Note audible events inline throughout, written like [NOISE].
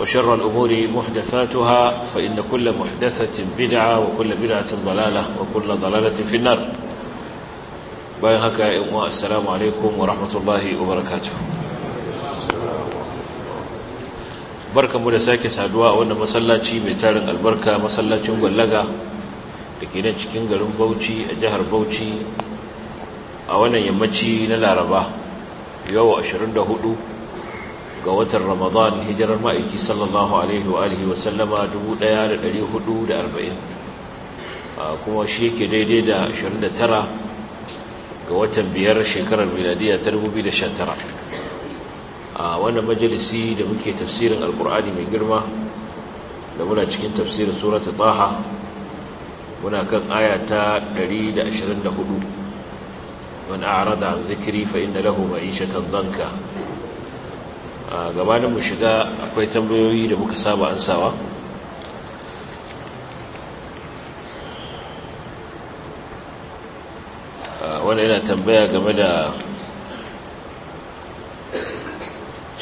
وشر الأمور محدثاتها فإن كل محدثة بدعة وكل بدعة ضلالة وكل ضلالة في النار بايهك السلام عليكم ورحمة الله وبركاته barkan mu da sake saduwa a wannan masallaci mai tarin albarka masallacin gwallaga da ke nan cikin garin bauchi a jihar bauchi a wannan yammaci na laraba yau hudu. ga watan ramadan hijirar ma'aiki sallallahu alaihi wa alihi wasallama 1440 kuma shi yake daidai da 29 ga watan biyar shekarar miladiya ta 2019 a wannan majalisi da muke tafsirin alkur'ani mai girma da muna cikin tafsirin surata taha muna kan aya ta 124 من أعرض عن ذكري فإن له معيشة ضنكا gabanin mu shiga akwai tambayoyi da muka saba ansawa wanda yana tambaya game da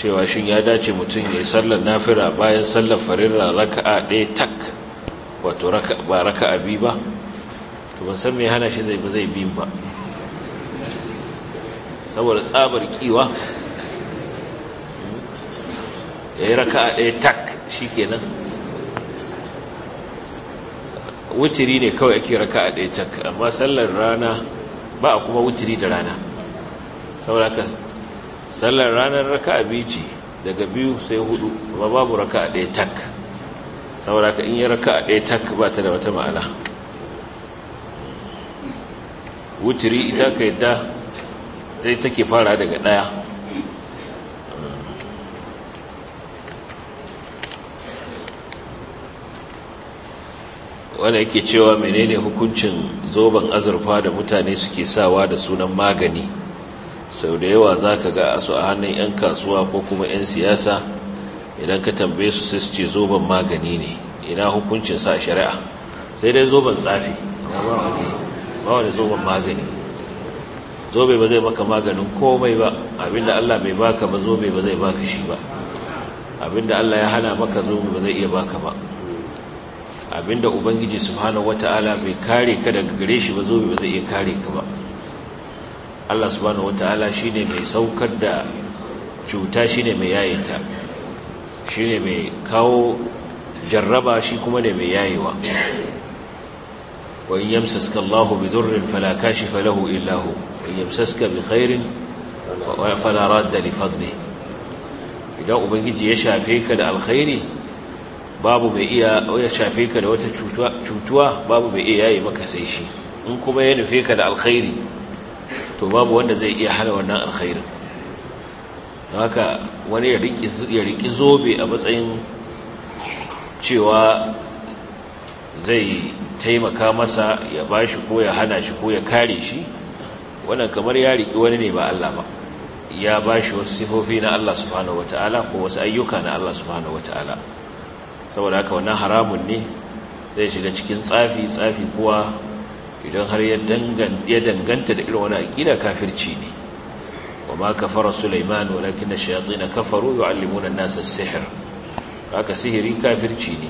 cewa shin ya dace mutum ya yi sallar nafira bayan sallar farilla raka'a ɗaya tak wato ba raka'a bi ba to ban san mai hana shi zai bi ba saboda tsabar kiwa ya eh, yi raka ɗaya tak shi kenan wuciri ne kawai ake raka ɗaya tak amma sallar rana ba a kuma wuciri da rana sauraka sallar ranar raka biyu ce daga biyu sai hudu ba babu raka ɗaya tak sauraka in yi raka ɗaya tak ba ta da wata ma'ana wuciri ita ka yadda ta take fara daga ɗaya wanda yake cewa menene hukuncin zoben azurfa da mutane suke sawa da sunan magani sau da yawa za ka ga a su a hannun 'yan kasuwa ko kuma 'yan siyasa idan ka tambaye su sai su ce zoben magani ne ina hukuncin sa shari'a sai dai zoben tsafi ba wani zoben magani zobe ba zai maka maganin komai ba abinda allah bai baka ba zobe ba zai baka shi ba abinda allah ya hana maka zobe ba zai iya baka ba abinda ubangiji subhanahu wata'ala bai kare ka daga gare shi ba zobe ba zai iya kare ka ba Allah subhanahu wata'ala shine mai saukar da cuta shine mai yayata shine mai kawo jarraba shi kuma ne mai yayewa wa yamsaska Allahu bi durrin fala kashifa lahu illa hu wa yamsaska bi khairin fala radda li fadlihi idan ubangiji ya shafe ka da alkhairi babu bai iya ya shafe ka da wata cutuwa babu bai iya yi maka sai shi in kuma ya nufe ka da alkhairi to babu wanda zai iya hana wannan alkhairin haka wani ya riki zobe a matsayin cewa zai taimaka masa ya ba shi ko ya hana shi ko ya kare shi wannan kamar ya riki wani ne ba Allah ba ya ba shi wasu sifofi na Allah subhanahu wata'ala ko wasu ayyuka na Allah subhanahu wata'ala saboda haka wannan haramun ne zai shiga cikin tsafi tsafi kuwa idan har ya danganta da irin wani aƙida kafirci ne wa ma kafara sulaiman walakin shayatsi na kafaru yu'allimuna an-nasa sihir. sihr haka sihiri kafirci ne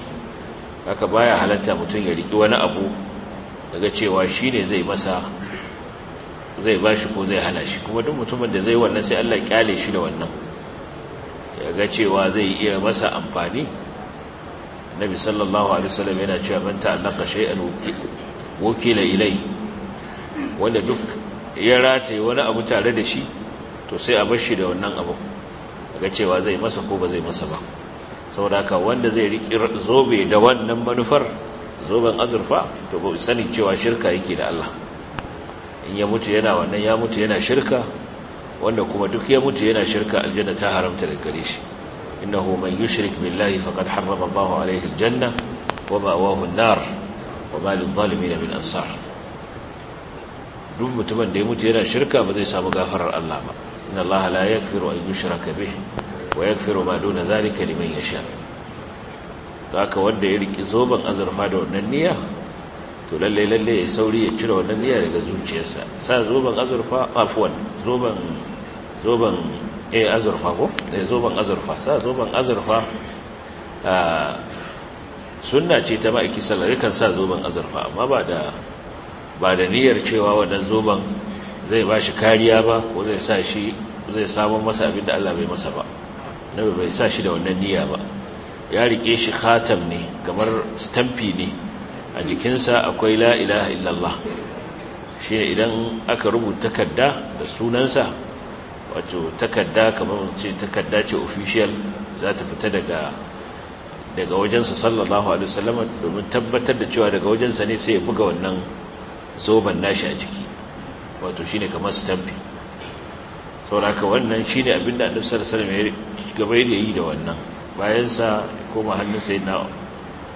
haka baya halatta mutum ya riki wani abu daga cewa shi ne zai masa zai bashi ko zai hana shi kuma duk mutumin da zai wannan sai Allah kyale shi da wannan ya ga cewa zai iya masa amfani nabi sallallahu alaihi wasallam yana cewa man ta'allaqa shay'an wukila ilai wanda duk ya rataye wani abu tare da shi to sai a bar shi da wannan abu ga cewa zai masa ko ba zai masa ba saboda haka wanda zai riki zobe da wannan manufar zoben azurfa to ba sani cewa shirka yake da Allah in ya mutu yana wannan ya mutu yana shirka wanda kuma duk ya mutu yana shirka aljanna ta haramta daga gare shi إنه من يشرك بالله فقد حرم الله عليه الجنة ومأواه النار وما للظالمين من أنصار duk mutumin da ya mutu yana shirka ba zai samu gafarar Allah ba inna Allah la yaghfiru an yushraka bih wa yaghfiru ma duna zalika liman yasha haka wanda ya riki zoban azurfa da wannan to lalle lalle ya sauri ya cire wannan daga zuciyarsa sa zoban azurfa eh azurfa ko eh zoban azurfa sa zoban azurfa sunna ce ta ki sallar kan sa zoban azurfa amma ba da ba da niyyar cewa wannan zoban zai ba shi kariya ba ko zai sa shi zai samu masa abin da Allah bai masa ba nabi bai sa shi da wannan niyya ba ya rike shi khatam ne kamar sitamfi ne a jikinsa akwai la ilaha illallah shi idan aka rubuta kadda da sunansa wato takarda kamar ce takarda ce official za ta fita daga daga wajensa sallallahu alaihi wasallam domin tabbatar da cewa daga wajensa ne sai ya buga wannan zoban nashi a jiki wato shine kamar stamp ka wannan shine abin da Annabi sallallahu alaihi wasallam gaba da yi da wannan bayan sa koma hannun sayyidina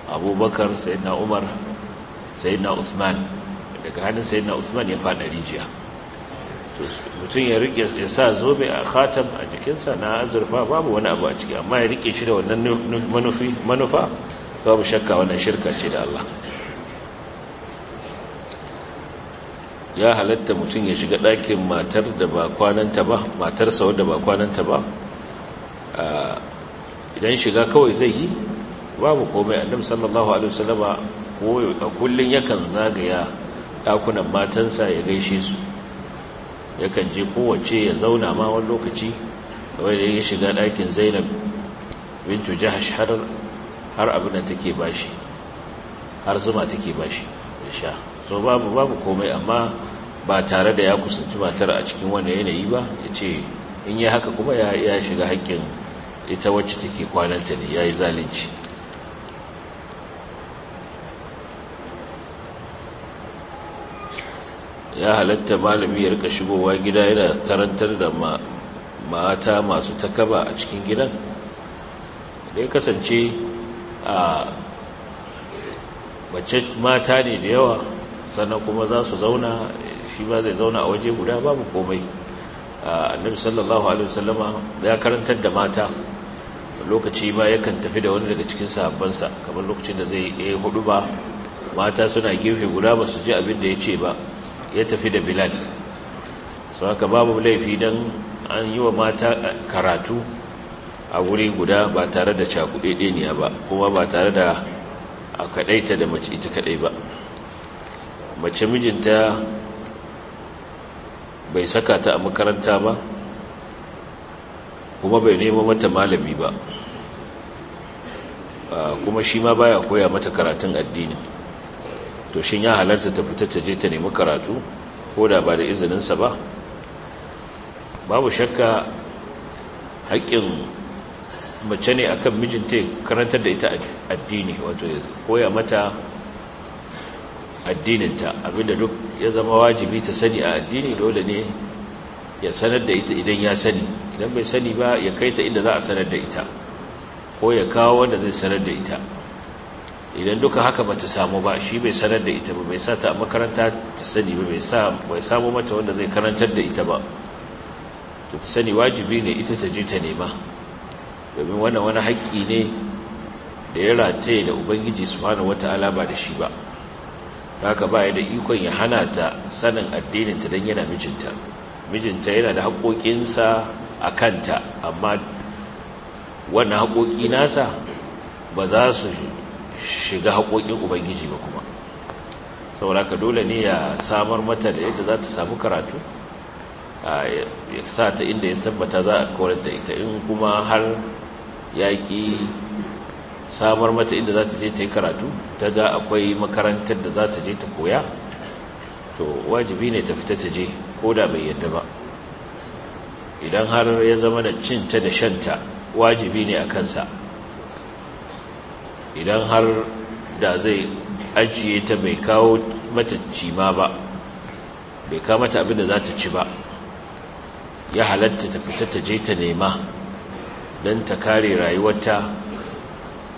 Abubakar sayyidina Umar sayyidina Uthman daga hannun sayyidina Uthman ya fada rijiya mutum ya rike ya sa zobe a khatam a jikinsa na azurfa babu wani abu a ciki amma ya rike shi da wannan manufa babu shakka wannan shirka ce da Allah ya halatta mutum ya shiga ɗakin matar da ba kwananta ba matarsa da ba kwananta ba idan shiga kawai zai yi babu komai annabi sallallahu alaihi wasallama kullun yakan zagaya ɗakunan matansa ya gaishe su yakan je kowace ya zauna ma wani lokaci kawai da ya shiga ɗakin zainab bintu jahash har abin da take bashi har zuma take bashi ya sha so babu babu komai amma ba tare da ya kusanci matar a cikin wani yanayi ba ya ce in yi haka kuma ya shiga haƙƙin ita wacce take kwananta ne ya yi zalunci ya halatta malami ya rika shigowa gida yana karantar da mata masu takaba a cikin gidan da ya kasance a mace mata ne da yawa sannan kuma za su zauna shi ba zai zauna a waje guda babu komai a annabi sallallahu alaihi wasallama ya karantar da mata lokaci ba yakan tafi da wani daga cikin sahabbansa kamar lokacin da zai yi hudu ba mata suna gefe guda ba su ji abin da ya ce ba ya tafi da bilal su haka babu laifi don an yi wa mata karatu a wuri guda ba tare da cakuɗeɗeniya ba kuma ba tare da a kaɗaita da mace ita kaɗai ba mace mijinta bai saka ta a makaranta ba kuma bai nemo mata malami ba kuma shi ma baya koya mata karatun addinin to shin ya halarta ta fita ta je ta nemi karatu ko da ba da izininsa ba babu shakka haƙƙin mace ne akan mijinta karantar da ita addini wato koya mata addininta abinda duk ya zama wajibi ta sani a addini dole ne ya sanar da ita idan ya sani idan bai sani ba ya kai ta inda za a sanar da ita ko ya kawo wanda zai sanar da ita idan duka haka bata samu ba shi bai sanar da ita ba bai sa ta a makaranta ta sani ba bai samu mata wanda zai karantar da ita ba to ta sani wajibi ne ita ta ji ta nema domin wannan wani haƙƙi ne da ya rataye da ubangiji su hana wata ba da shi ba haka ba da ikon ya hana ta sanin addininta don yana mijinta mijinta yana da haƙoƙinsa a kanta amma wannan haƙoƙi nasa ba za su shiga haƙoƙin ubangiji ba kuma saboda ka dole ne ya samar mata da yadda za ta samu karatu ya sa ta inda ya tabbata za a kawar da ita in kuma har yaƙi samar mata inda za ta je ta yi karatu ta ga akwai makarantar da za ta je ta koya to wajibi ne ta fita ta je ko da bai yadda ba idan har ya zama da cinta da shanta wajibi ne a kansa idan har da zai ajiye ta bai kawo mata cima ba bai kawo mata abin da za ta ci ba ya halatta ta fita ta je ta nema don ta kare rayuwarta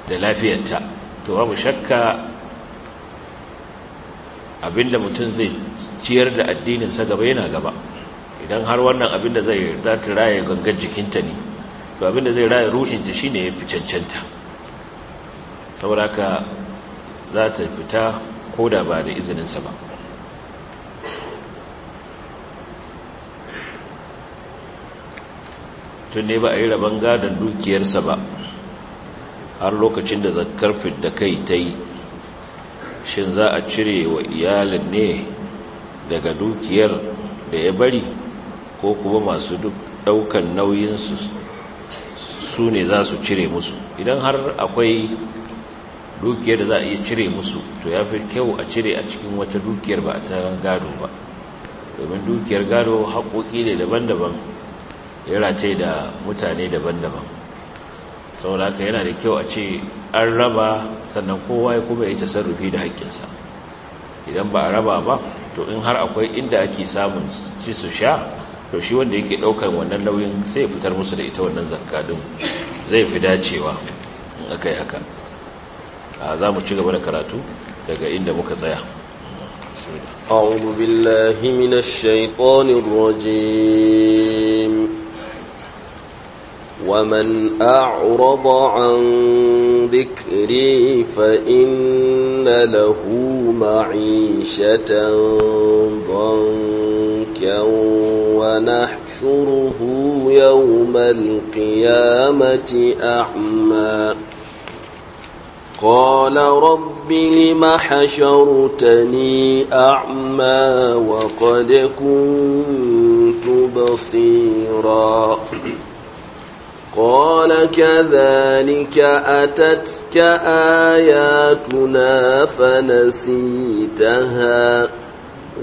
da lafiyarta to ba mu shakka abinda mutum zai ciyar da addininsa gaba yana gaba idan har wannan abinda zai rata raya gangar jikinta ne to abinda zai raya ruhinta shine ya fi cancanta saboda za ta fita ko da ba da izininsa ba tun ne ba a yi rabon gadon dukiyarsa ba har lokacin da zakar da kai ta yi shin za a cire wa iyalin ne daga dukiyar da ya bari ko kuma masu daukan nauyinsu su ne za su cire musu idan har akwai dukiyar da za a iya cire musu to ya fi kyau a cire a cikin wata dukiyar ba a ta gado ba domin dukiyar gado haƙoƙi ne daban-daban ya race da mutane daban-daban saboda haka yana da kyau a ce an raba sannan kowa ya kuma ya tasarrufi da haƙƙinsa idan ba a raba ba to in har akwai inda ake samun ci su sha to shi wanda yake ɗaukar wannan nauyin sai ya fitar musu da ita wannan zakka zai fi dacewa in aka yi haka za mu ci gaba da karatu daga inda muka tsaya أعوذ بالله من الشيطان الرجيم ومن أعرض عن ذكري فإن له معيشة ضنكا ونحشره يوم القيامة أعمى قال رب لم حشرتني أعمى وقد كنت بصيرا قال كذلك أتتك آياتنا فنسيتها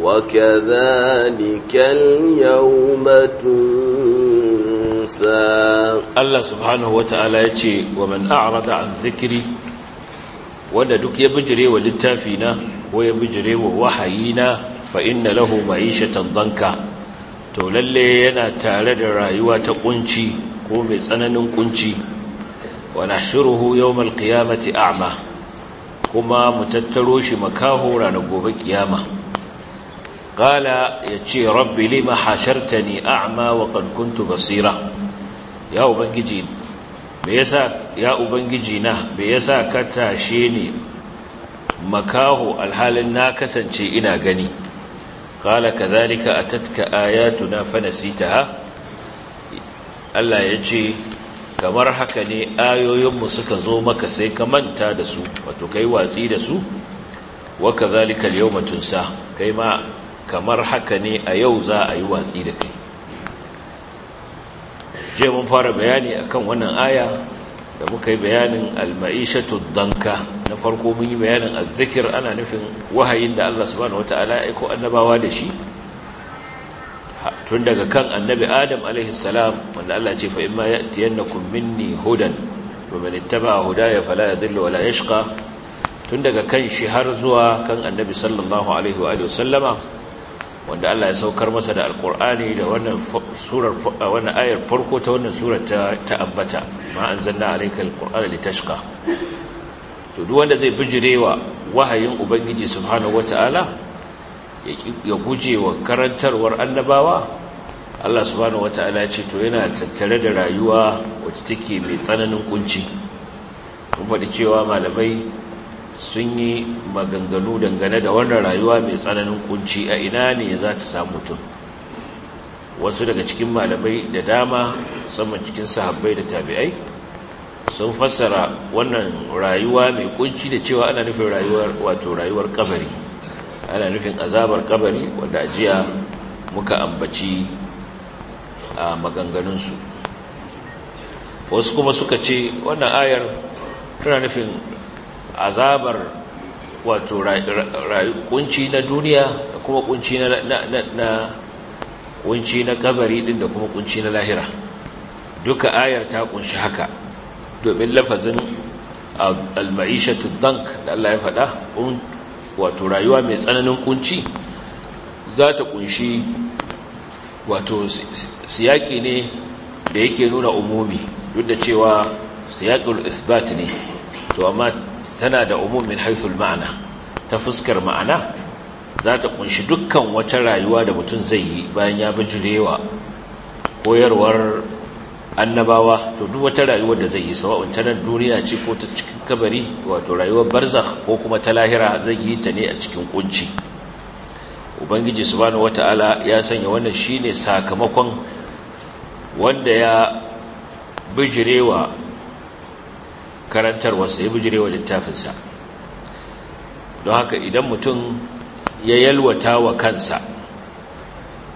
وكذلك اليوم تنسى الله سبحانه وتعالى يتي ومن أعرض عن ذكري wanda duk ya bijire wa littafi na ko ya bijire wa wahayi na fa inna lahu ma'ishatan danka to lalle yana tare da rayuwa ta kunci ko mai tsananin kunci wa nahshuruhu yawmal qiyamati a'ma kuma mu tattaro shi makaho ranar gobe kiyama qala yace rabbi lima hashartani a'ma wa qad kuntu basira ya ubangiji me yasa ya ubangiji na me yasa ka tashe ni makaho alhalin na kasance ina gani qala kadhalika atatka ayatuna fanasitaha Allah ya ce kamar haka ne ayoyinmu suka zo maka sai ka manta da su wato kai watsi da su wa kadhalika al-yawma kai ma kamar haka ne a yau za a yi watsi da kai je mun fara bayani akan wannan aya da muka yi bayanin al-ma'ishatu danka na farko mun yi bayanin azzikir ana nufin wahayin da Allah subhanahu wataala ya aika annabawa da shi tun daga kan annabi adam alaihi salam wanda Allah ce fa imma ya'tiyannakum minni hudan wa man ittaba'a hudaya fala yadhillu wa la yashqa tun daga kan shi har zuwa kan annabi sallallahu alaihi wa sallama wanda Allah ya saukar masa da alkur'ani da wannan surar wannan ayar farko ta wannan surata ta ta'abbata ma anzalna alayka alqur'ana litashqa to duk wanda zai bijirewa wahayin ubangiji subhanahu wataala ya guje wa karantarwar annabawa Allah subhanahu wataala ce to yana tattare da rayuwa wacce take mai tsananin kunci kuma da cewa malamai sun yi maganganu dangane da wannan rayuwa mai tsananin kunci a ina ne za ta samu mutum wasu daga cikin malamai da dama saman cikin sahabbai da tabi'ai sun fassara wannan rayuwa mai kunci da cewa ana nufin rayuwar wato rayuwar kabari ana nufin azabar kabari wanda ajiya muka ambaci a maganganunsu wasu kuma suka ce wannan ayar tana nufin azabar wato kunci na duniya da kuma kunci na kunci na kabari din da kuma kunci na lahira duka ayar ta kunshi haka domin lafazin al-ma'ishatu dank da Allah ya faɗa um, wato rayuwa mai tsananin kunci za ta kunshi wato siyaki ne da yake nuna umumi duk da cewa siyaqul isbat ne to amma tana da umumin haithul ma'ana ta fuskar ma'ana za ta kunshi dukkan wata rayuwa da mutum zai yi bayan ya bijirewa koyarwar annabawa to duk wata rayuwar da zai yi sawa'un ta nan duniya ce ko ta cikin kabari wato rayuwar barzakh ko kuma ta lahira zai yi ta ne a cikin kunci ubangiji subhanahu wata'ala ya sanya wannan shine sakamakon wanda ya bijirewa karantarwarsa ya bijirewa littafinsa don haka idan mutum ya yalwata wa kansa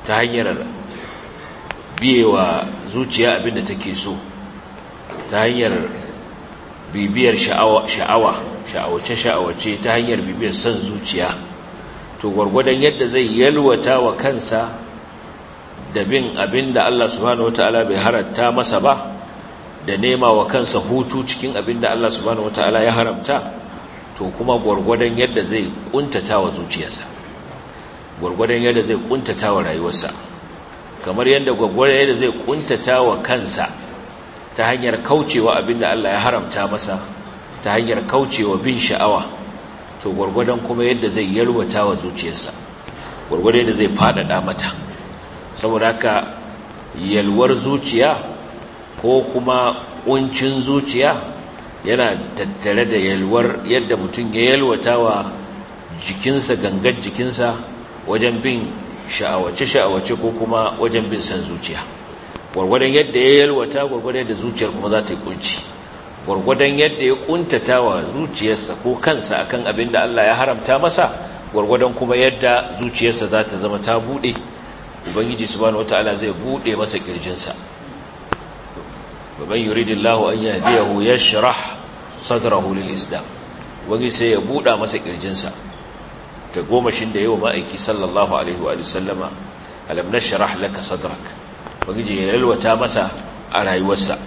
ta hanyar biyewa zuciya abinda take so ta hanyar bibiyar sha'awa sha'awace-sha'awace ta hanyar bibiyar son zuciya to gwargwadon yadda zai yalwata wa kansa da bin abinda Allah subhanahu wataala bai haratta masa ba da nema wa kansa hutu cikin abin da Allah subhanahu wataala ya haramta to kuma gwargwadon yadda zai kuntata wa zuciyarsa gwargwadon yadda zai kuntata wa rayuwarsa kamar yadda gwargwadon yadda zai kuntata wa kansa ta hanyar kaucewa abin da Allah ya haramta masa ta hanyar kaucewa bin sha'awa to gwargwadon kuma yadda zai yalwata wa zuciyarsa gwargwadon yadda zai faɗaɗa mata saboda haka yalwar zuciya ko kuma ƙuncin zuciya yana tattare da yalwar yadda mutum ya yalwata wa jikinsa gangar jikinsa wajen bin sha'awace-sha'awace ko kuma wajen bin san zuciya gwargwadon yadda ya yalwata gwargwadon yadda zuciyar kuma za ta yi kunci gwargwadon yadda ya kuntata wa zuciyarsa ko kansa akan abin da Allah ya haramta masa gwargwadon kuma yadda zuciyarsa za ta zama ta buɗe ubangiji subhanahu wataala zai buɗe masa kirjinsa ومن يريد الله أن يهديه يشرح صدره للإسلام wani sai ya buɗa masa ƙirjinsa ta gomashin da yawa ma'aiki sallallahu alaihi wa sallama alam na sharah laka sadrak wani je ya lalwata masa a rayuwarsa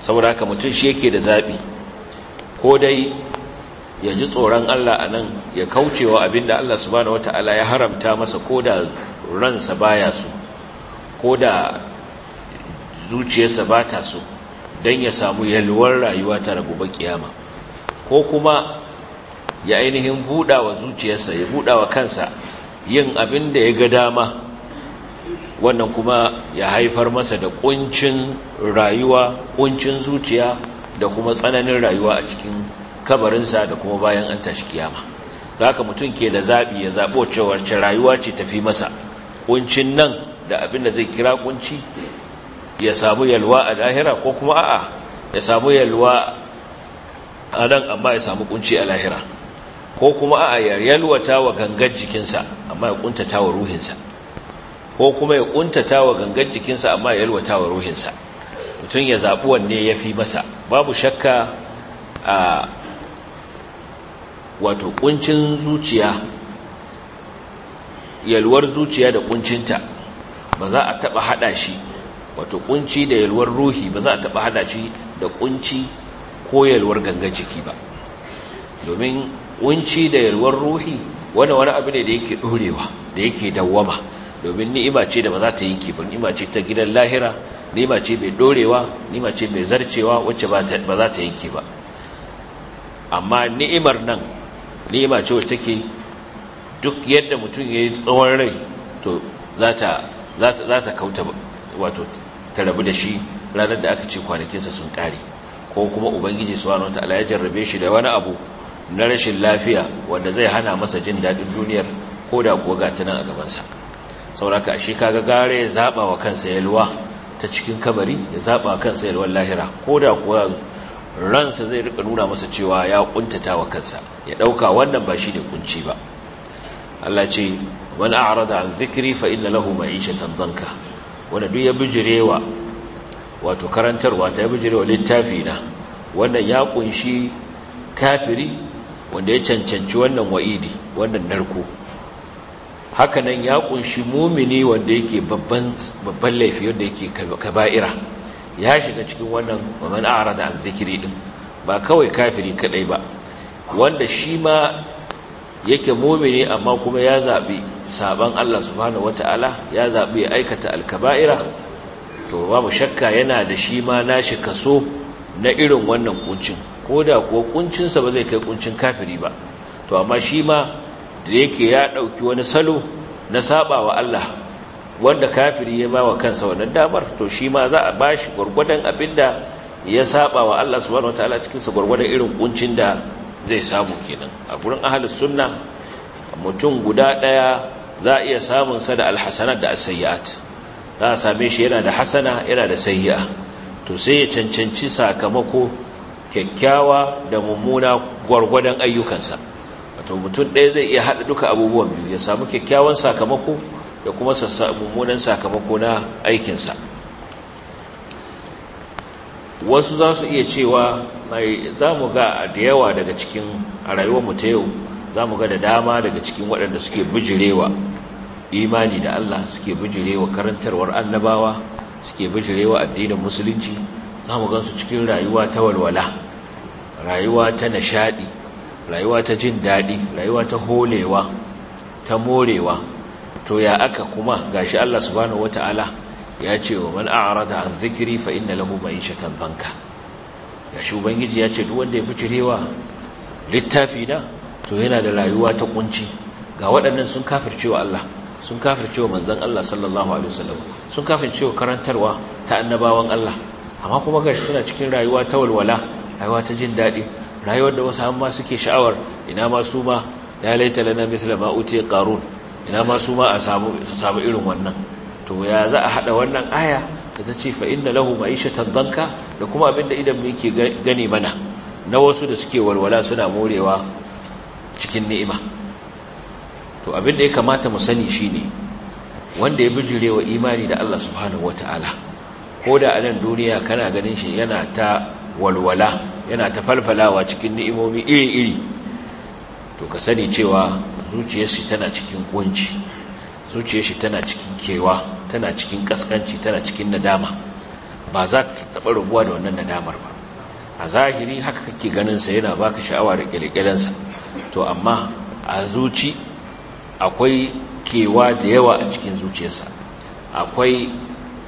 saboda haka mutum shi yake da zaɓi ko dai ya ji tsoron Allah a nan ya kaucewa abin da Allah subhanahu wata'ala ya haramta masa ko da ransa baya so ko da zuciyarsa ba ta so don ya samu yalwar rayuwa ta gobe kiyama ko kuma ya ainihin buɗa wa zuciyarsa ya buɗa wa kansa yin abin da ya ga dama wannan kuma ya haifar masa da ƙuncin rayuwa ƙuncin zuciya da kuma tsananin rayuwa a cikin kabarinsa da kuma bayan an tashi kiyama da haka mutum ke da zaɓi ya zaɓo cewar ce rayuwa ce tafi masa ƙuncin nan da abin da zai kira ƙunci ya samu yalwa a lahira ko kuma a'a ya samu yalwa a nan amma ya samu kunci a lahira ko kuma a'a ya yalwata wa gangar jikinsa amma ya kuntata wa ruhinsa ko kuma ya kuntata wa gangar jikinsa amma ya yalwata wa ruhinsa mutum ya zaɓi wanne ya fi masa babu shakka a wato kuncin zuciya yalwar zuciya da kuncinta ba za a taɓa haɗa shi wato kunci da yalwar ruhi ba za a taɓa hada shi da kunci ko yalwar gangan jiki ba domin kunci da yalwar ruhi wani wani abu ne da yake ɗorewa da yake dawwama domin ni'ima ce da ba za ta yanke ba ni'ima ce ta gidan lahira ni'ima ce mai ɗorewa ni'ima ce mai zarcewa wacce ba za ta yanke ba amma ni'imar nan ni'ima ce wacce take duk yadda mutum ya yi tsawon rai to za ta kauta wato ta rabu da shi ranar da aka ce kwanakinsa sun ƙare ko kuma ubangiji subhanahu ta'ala ya jarrabe shi da wani abu na rashin lafiya wanda zai hana masa jin daɗin duniyar ko da kuwa ga tunan a gabansa sauraka a shi kaga gare ya zaɓa wa kansa yalwa ta cikin kabari ya zaɓa wa kansa yalwar lahira ko da kuwa ransa zai rika nuna masa cewa ya ƙuntata wa kansa ya ɗauka wannan ba shi da ƙunci ba Allah ce wani a'arada an zikiri fa inna lahu ma'ishatan danka wanda duk ya bijirewa wato karantarwa ta bijirewa littafi na wannan ya kunshi kafiri wanda ya cancanci wannan wa'idi wannan narko hakanan ya kunshi mumini wanda yake babban babban laifi wanda yake kaba'ira ya shiga cikin wannan man arada an zikiri din ba kawai kafiri kadai ba wanda shi ma yake mumini amma kuma ya zabi saban Allah subhanahu wata'ala ya zaɓi ya aikata alkaba'ira to babu shakka yana da shi ma nashi kaso na irin wannan kuncin ko da kuwa kuncinsa ba zai kai kuncin kafiri ba to amma shi ma da yake ya ɗauki wani salo na saba wa Allah wanda kafiri ya ba wa kansa wannan damar to shi ma za a bashi gwargwadon da ya saba wa Allah subhanahu wataala cikin sa gwargwadon irin kuncin da zai samu kenan a gurin ahlus sunna mutum guda ɗaya. za a iya samun sa da Alhassanar da asayyat za a same shi yana da hasana yana da sayyi'a to sai ya cancanci sakamako kyakkyawa da mummuna gwargwadon ayyukansa wato mutum ɗaya zai iya haɗa duka abubuwan biyu ya samu kyakkyawan sakamako da kuma mummunan sakamako na aikinsa wasu za su iya cewa za mu ga da yawa daga cikin a mu ta yau za mu ga da dama daga cikin waɗanda suke bijirewa imani da Allah suke bijirewa karantarwar annabawa suke bijirewa addinin musulunci za mu gansu cikin rayuwa ta walwala rayuwa ta nishadi rayuwa ta jin daɗi rayuwa ta holewa ta morewa to ya aka kuma gashi Allah subhanahu wataala ya ce wa man a'rada an dhikri fa inna lahu ma'ishatan banka gashi ubangiji ya ce duk wanda ya bijirewa littafi na to yana da rayuwa ta kunci ga waɗannan sun kafircewa Allah sun kafirce cewa manzon Allah sallallahu alaihi wasallam sun kafin wa karantarwa ta annabawan Allah amma kuma gashi suna cikin rayuwa ta walwala rayuwa ta jin daɗi rayuwar da wasu amma suke sha'awar ina ma su ma ya laita lana mithla ma utiya qarun ina ma su ma a samu su samu irin wannan to ya za a hada wannan aya da ta ce fa inna lahu ma'ishatan danka da kuma abinda idan mu yake gane mana na wasu da suke walwala suna morewa cikin ni'ima to abin da ya kamata mu sani shine wanda ya wa imani da Allah subhanahu wataala ko da a nan duniya kana ganin shi yana ta walwala yana ta falfalawa cikin ni'imomi iri-iri to ka sani cewa zuciyar shi tana cikin kunci zuciyar shi tana cikin kewa tana cikin kaskanci tana cikin nadama ba za ta taɓa rubuwa da wannan nadamar ba a zahiri haka kake ganin sa yana baka sha'awa da ƙirƙirinsa to amma a zuci akwai kewa da yawa a cikin zuciyarsa akwai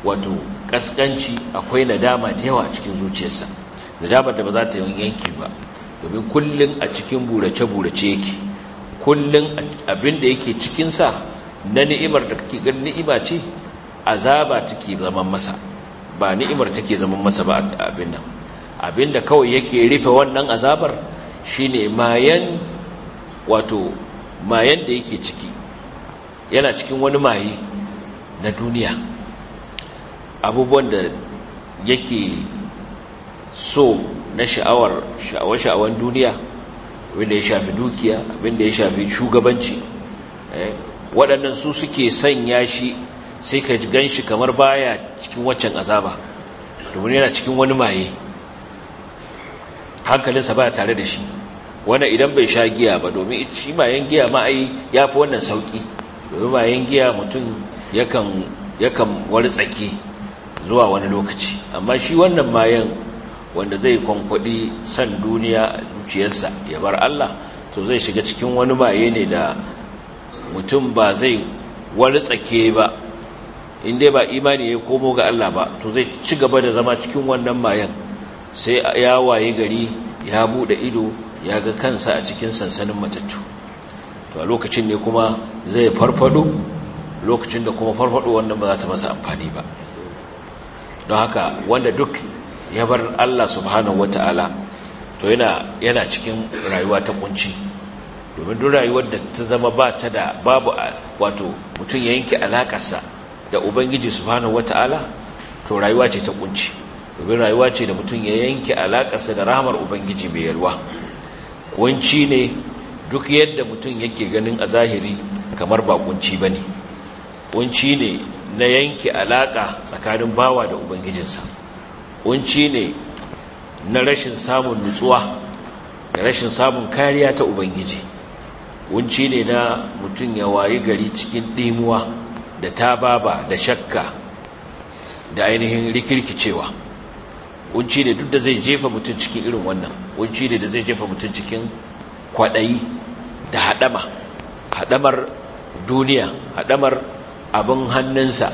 wato kaskanci akwai nadama da yawa a cikin zuciyarsa nadamar da ba za ta yanki ba domin kullum a cikin burace-burace yake kullum abin da yake cikinsa na ni'imar da kake ganin ni'ima ce azaba take zaman masa ba ni'imar take zaman masa ba abin nan abin da kawai yake rufe wannan azabar shine mayan wato mayan da yake ciki yana cikin wani maye na duniya abubuwan da yake so na sha'awar sha'awar duniya abinda ya shafi dukiya abinda ya shafi shugabanci eh, waɗannan su suke sanya shi sai ka gan shi kamar baya cikin waccan azaba domin yana cikin wani maye hankalinsa baya tare da shi wanda idan bai sha giya ba domin shi mayan giya ma ai ya fi wannan sauki domin mayan giya mutum yakan yakan wani tsaki zuwa wani lokaci amma shi wannan mayan wanda zai kwankwadi san duniya zuciyarsa ya bar Allah to zai shiga cikin wani maye ne da mutum ba zai wani tsake ba in ba imani ya komo ga Allah ba to zai ci gaba da zama cikin wannan mayan sai ya waye gari ya buɗe ido ya ga kansa a cikin sansanin matattu to a lokacin ne kuma zai farfado lokacin da kuma farfado wannan ba za ta masa amfani ba don haka wanda duk ya bar Allah subhanahu wata'ala to yana cikin rayuwa ta kunci domin duk rayuwar da ta zama ba ta da babu wato mutum ya yanke alakarsa da ubangiji subhanahu wata'ala to rayuwa ce ta kunci domin rayuwa ce da mutum ya yanke alakarsa da rahamar ubangiji mai yalwa wanci ne duk yadda mutum yake ganin a zahiri kamar ba kunci ba ne wanci ne na yanke alaƙa tsakanin bawa da ubangijinsa Ƙunci ne na rashin samun nutsuwa da rashin samun kariya ta ubangiji Ƙunci ne na mutum ya wayi gari cikin ɗimuwa da tababa da shakka da ainihin rikirkicewa cewa kunci ne duk da zai jefa mutum cikin irin wannan kunci ne da zai jefa mutum cikin kwaɗayi da haɗama haɗamar duniya haɗamar abin hannunsa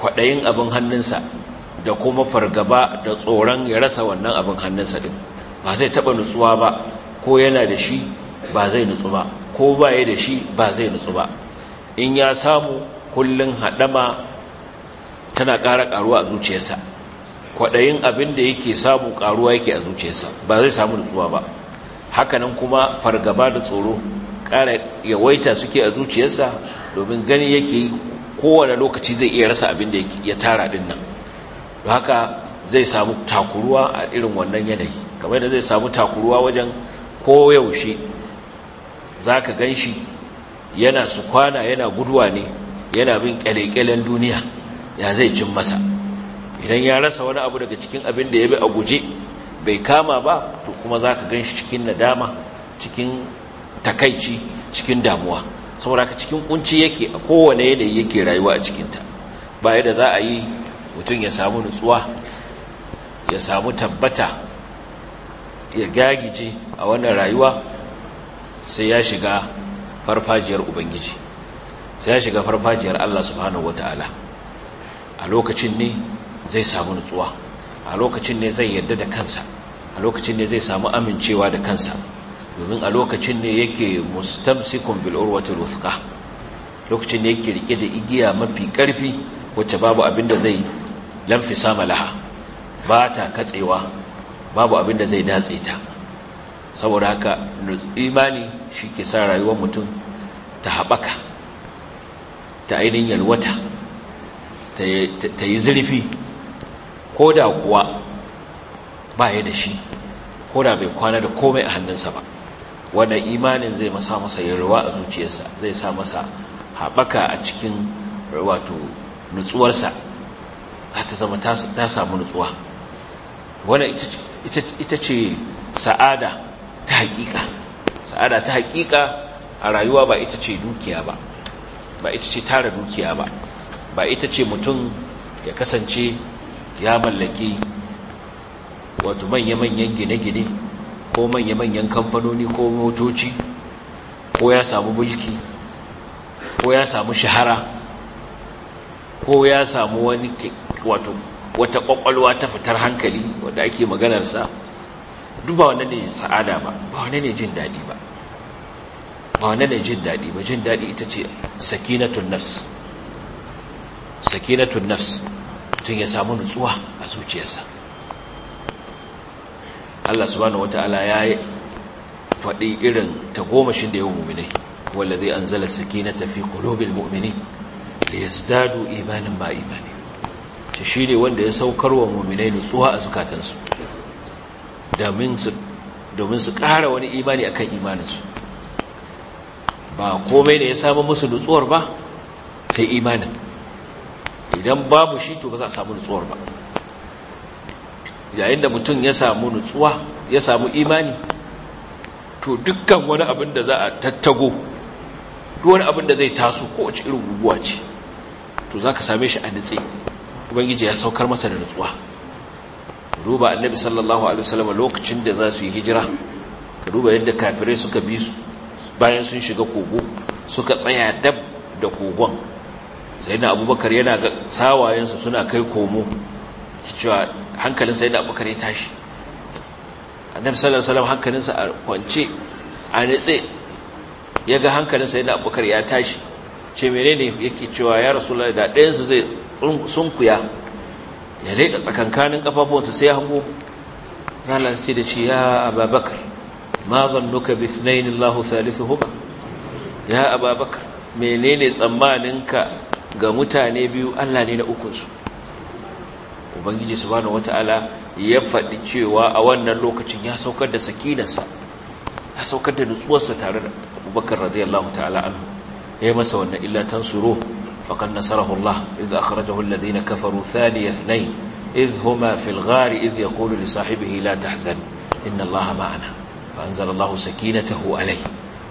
kwaɗayin abin hannunsa da kuma fargaba da tsoron ya rasa wannan abin hannunsa ɗin ba zai taɓa nutsuwa ba ko yana da shi ba zai nutsu ba ko baya da shi ba zai nutsu ba in ya samu kullum haɗama tana ƙara ƙaruwa a zuciyarsa kwaɗayin abin da yake samu ƙaruwa yake a zuciyarsa ba zai samu nutsuwa ba hakanan kuma fargaba da tsoro ƙara yawaita suke a zuciyarsa domin gani yake yi kowane lokaci zai iya rasa abin da ya tara din nan haka zai samu takuruwa a irin wannan yanayi kamar da zai samu takuruwa wajen koyaushe za ka gan shi yana su kwana yana guduwa ne yana bin kyale-kyalen duniya ya zai cin masa idan ya rasa wani abu daga cikin abin da ya bi a guje bai kama ba to kuma za ka gan shi cikin nadama cikin takaici cikin damuwa saboda ka cikin kunci yake a kowane yanayi yake rayuwa a cikinta ba yadda za a yi mutum ya samu nutsuwa ya samu tabbata ya gagije a wannan rayuwa sai ya shiga farfajiyar ubangiji sai ya shiga farfajiyar allah subhanahu wataala a lokacin ne zai samu nutsuwa a lokacin ne zai yarda da kansa a lokacin ne zai samu amincewa da kansa domin a lokacin ne yake mustamsikun bil urwatil lokacin ne yake rike da igiya mafi karfi wacce babu abin da zai lamfi lamfisa laha ba ta katsewa babu abin da zai datse ta saboda haka imani shi ke sa rayuwar mutum ta haɓaka ta ainihin yalwata ta yi zurfi ko da kuwa ba ya da shi ko da bai kwana da komai a hannunsa ba wanda imanin zai masa masa yarwa a zuciyarsa zai sa masa haɓaka a cikin wato nutsuwarsa za ta zama ta samu nutsuwa wanda ita ce sa'ada ta haƙiƙa sa'ada ta haƙiƙa a rayuwa ba ita ce dukiya ba ba ita ce tara dukiya ba ba ita ce mutum ya kasance ya mallaki wato manya-manyan gine-gine ko manya-manyan kamfanoni ko motoci ko ya samu mulki ko ya samu shahara ko ya samu wani wato wata kwakwalwa ta fitar hankali wanda ake maganarsa duba wannan ne sa'ada ba ba wannan ne jin daɗi ba ba wannan ne jin daɗi ba jin daɗi ita ce sakinatun nafs sakinatun nafs mutum ya samu nutsuwa a zuciyarsa Allah subhanahu wata'ala ya faɗi irin tagomashin da ya muminai wallazi anzala kulobin fi qulubil mu'minin liyazdadu imanin ma imani shi shine wanda ya saukar wa muminai nutsuwa a zukatansu domin su domin su ƙara wani imani akan imaninsu ba komai ne ya samu musu nutsuwar ba sai imanin idan babu shi to ba za a samu nutsuwar ba yayin da mutum ya samu nutsuwa ya samu imani to dukkan wani abin da za a tattago duk wani abin da zai taso kowace irin guguwa ce to za ka same shi a nutse ubangiji ya saukar masa da nutsuwa duba annabi sallallahu alaihi wasallam lokacin da za su yi hijira ka duba yadda kafirai suka bi su bayan sun shiga kogo suka tsaya dab da kogon na abubakar yana ga sawayensu suna kai komo cewa hankalin na abubakar ya tashi annabi sallallahu alaihi wasallam hankalinsa a kwance a nitse ya ga hankalin sayyidina abubakar ya tashi ce menene yake cewa ya rasulullahi da ɗayan su zai sunkuya ya leƙa tsakankanin kafafuwansa sai ya hango zalla ce da shi ya ababakar ma zannuka bi thnain allah salisuhuma ya ababakar menene tsammaninka ga mutane biyu Allah ne na ukunsu ubangiji subhanahu wata'ala ya faɗi cewa a wannan lokacin ya saukar da sakinarsa ya saukar da nutsuwarsa tare da abubakar radiyallahu ta'ala anhu ya masa wannan illa tansuru faqad nasarahu Allah idh akhrajahu alladhina kafaru thaniya ithnain idh huma fil ghar idh yaqulu li sahibihi la tahzan inna Allah ma'ana fa anzala Allah sakinatahu alayhi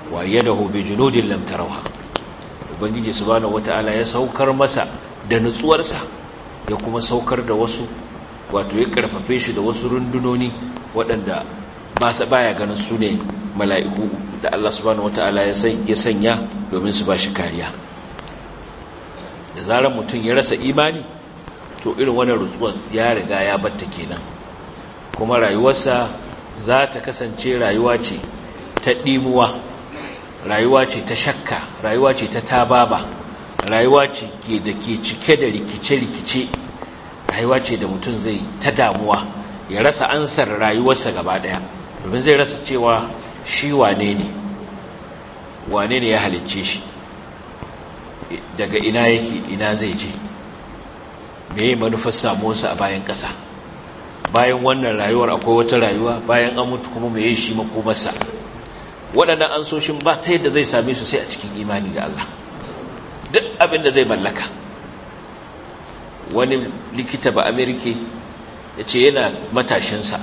wa ayyadahu bi junudin lam tarawha ubangiji subhanahu wata'ala ya saukar masa da nutsuwarsa ya kuma saukar da wasu wato ya karfafe shi da wasu rundunoni waɗanda ba sa baya ganin su ne mala'iku da Allah subhanahu wata'ala ya sanya domin su ba shi kariya da zarar mutum ya rasa imani to irin wani rutsuwa ya riga ya batta kenan kuma rayuwarsa za ta kasance rayuwa ce ta ɗimuwa rayuwa ce ta shakka rayuwa ce ta tababa rayuwa ce ke da ke cike da rikice-rikice rayuwa ce da mutum zai ta damuwa ya rasa ansar rayuwarsa gaba daya domin zai rasa cewa shi wane ne wane ne ya halicce shi daga ina yake ina zai je me yi manufar samuwarsa a bayan ƙasa bayan wannan rayuwar akwai wata rayuwa bayan an mutu kuma me shi makomarsa waɗannan ansoshin ba ta yadda zai same su sai a cikin imani da Allah duk abin da zai mallaka wani likita ba amerika ya ce yana matashinsa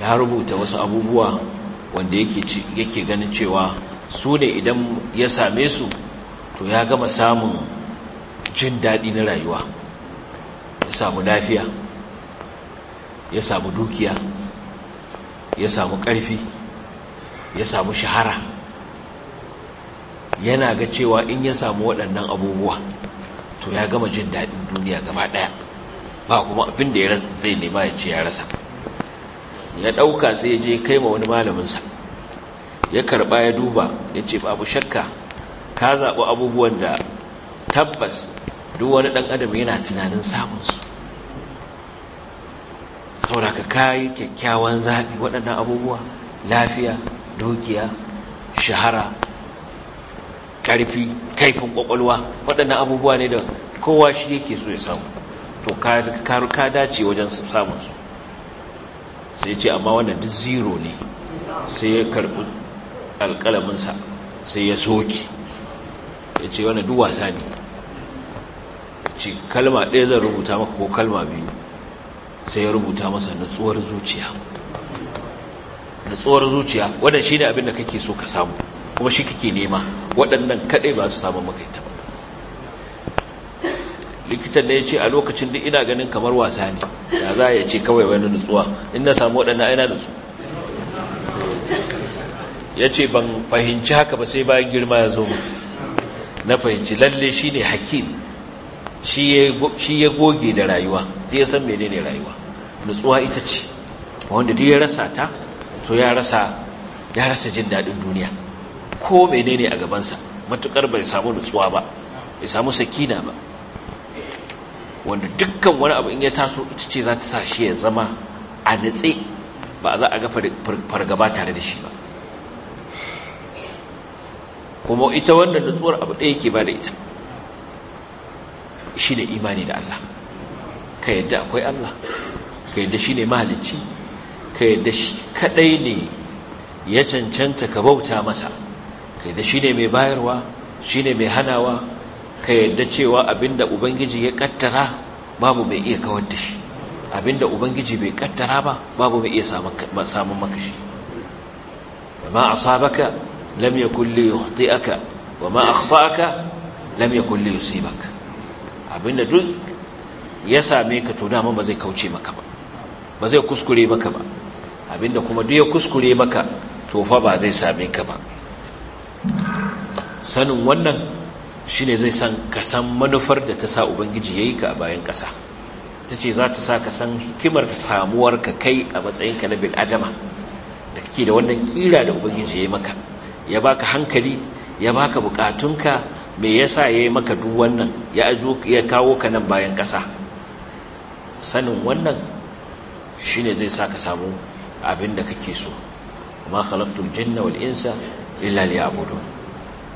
ya rubuta wasu abubuwa wanda yake ganin cewa su ne idan ya same su to ya gama samun jin daɗi na rayuwa ya samu lafiya ya samu dukiya ya samu ƙarfi ya samu shahara yana ga cewa in ya samu waɗannan abubuwa to ya gama jin daɗin duniya gaba ɗaya ba kuma abin da ya zai nema ya ce ya rasa ya ɗauka sai ya je kai ma wani malaminsa ya karɓa ya duba ya ce babu shakka ka zaɓi abubuwan da tabbas duk wani ɗan adam yana tunanin samunsu da ka kayi kyakkyawan zaɓi waɗannan abubuwa lafiya dukiya shahara ƙarfi kaifin ƙwaƙwalwa waɗannan abubuwa ne da kowa shi yake so ya samu to ka dace wajen samun su sai ce amma wannan duk zero ne sai ya karɓi alƙalaminsa sai ya soke ya ce wannan duk wasa ne ce kalma ɗaya zan rubuta maka ko kalma biyu sai ya rubuta masa nutsuwar zuciya nutsuwar zuciya wannan ne abin da kake so ka samu kuma shi kake nema waɗannan kaɗai ba su samun maka ita ba likitan da ya ce a lokacin da ina ganin kamar wasa ne da za ya ce kawai wani nutsuwa in na samu waɗannan aina nutsu ya ce ban fahimci haka ba sai bayan girma ya zo na fahimci lalle shi ne hakim shi ya goge da rayuwa sai ya san mene ne rayuwa nutsuwa ita ce wanda duk ya rasa ta to ya rasa ya rasa jin daɗin duniya ko menene a gabansa matukar bai samu nutsuwa ba bai samu sakina ba wanda dukkan wani abu in ya taso ita ce za ta sa shi ya zama a nutse ba za a ga fargaba tare da shi ba kuma ita wannan nutsuwar abu ɗaya ke ba da ita shi ne imani da Allah ka yadda akwai Allah ka yadda shi ne mahalicci ka yadda shi kadai ne ya cancanta ka bauta masa ka yadda shi ne mai bayarwa shi ne mai hanawa ka yadda cewa abinda ubangiji ya kattara babu mai iya kawar da shi abinda ubangiji bai kattara ba babu mai iya samun maka shi ma asabaka lam ya li aka wa ma aka lam ya sai baka abinda duk ya same ka to dama ba zai kauce maka ba ba zai kuskure maka ba abinda kuma duk ya kuskure maka to fa ba zai same ka ba sanin wannan shine zai san ka san manufar da ta sa ubangiji yayi ka a bayan ƙasa ta ce za ta sa ka san hikimar samuwar ka kai a matsayin ka na Adama, da kake da wannan kira da ubangiji yayi maka ya baka hankali ya baka bukatunka me yasa yayi maka duk wannan ya ajo ya kawo ka nan bayan ƙasa sanin wannan shine zai sa ka samu abin da kake so amma khalaqtul jinna wal insa illa liya'budun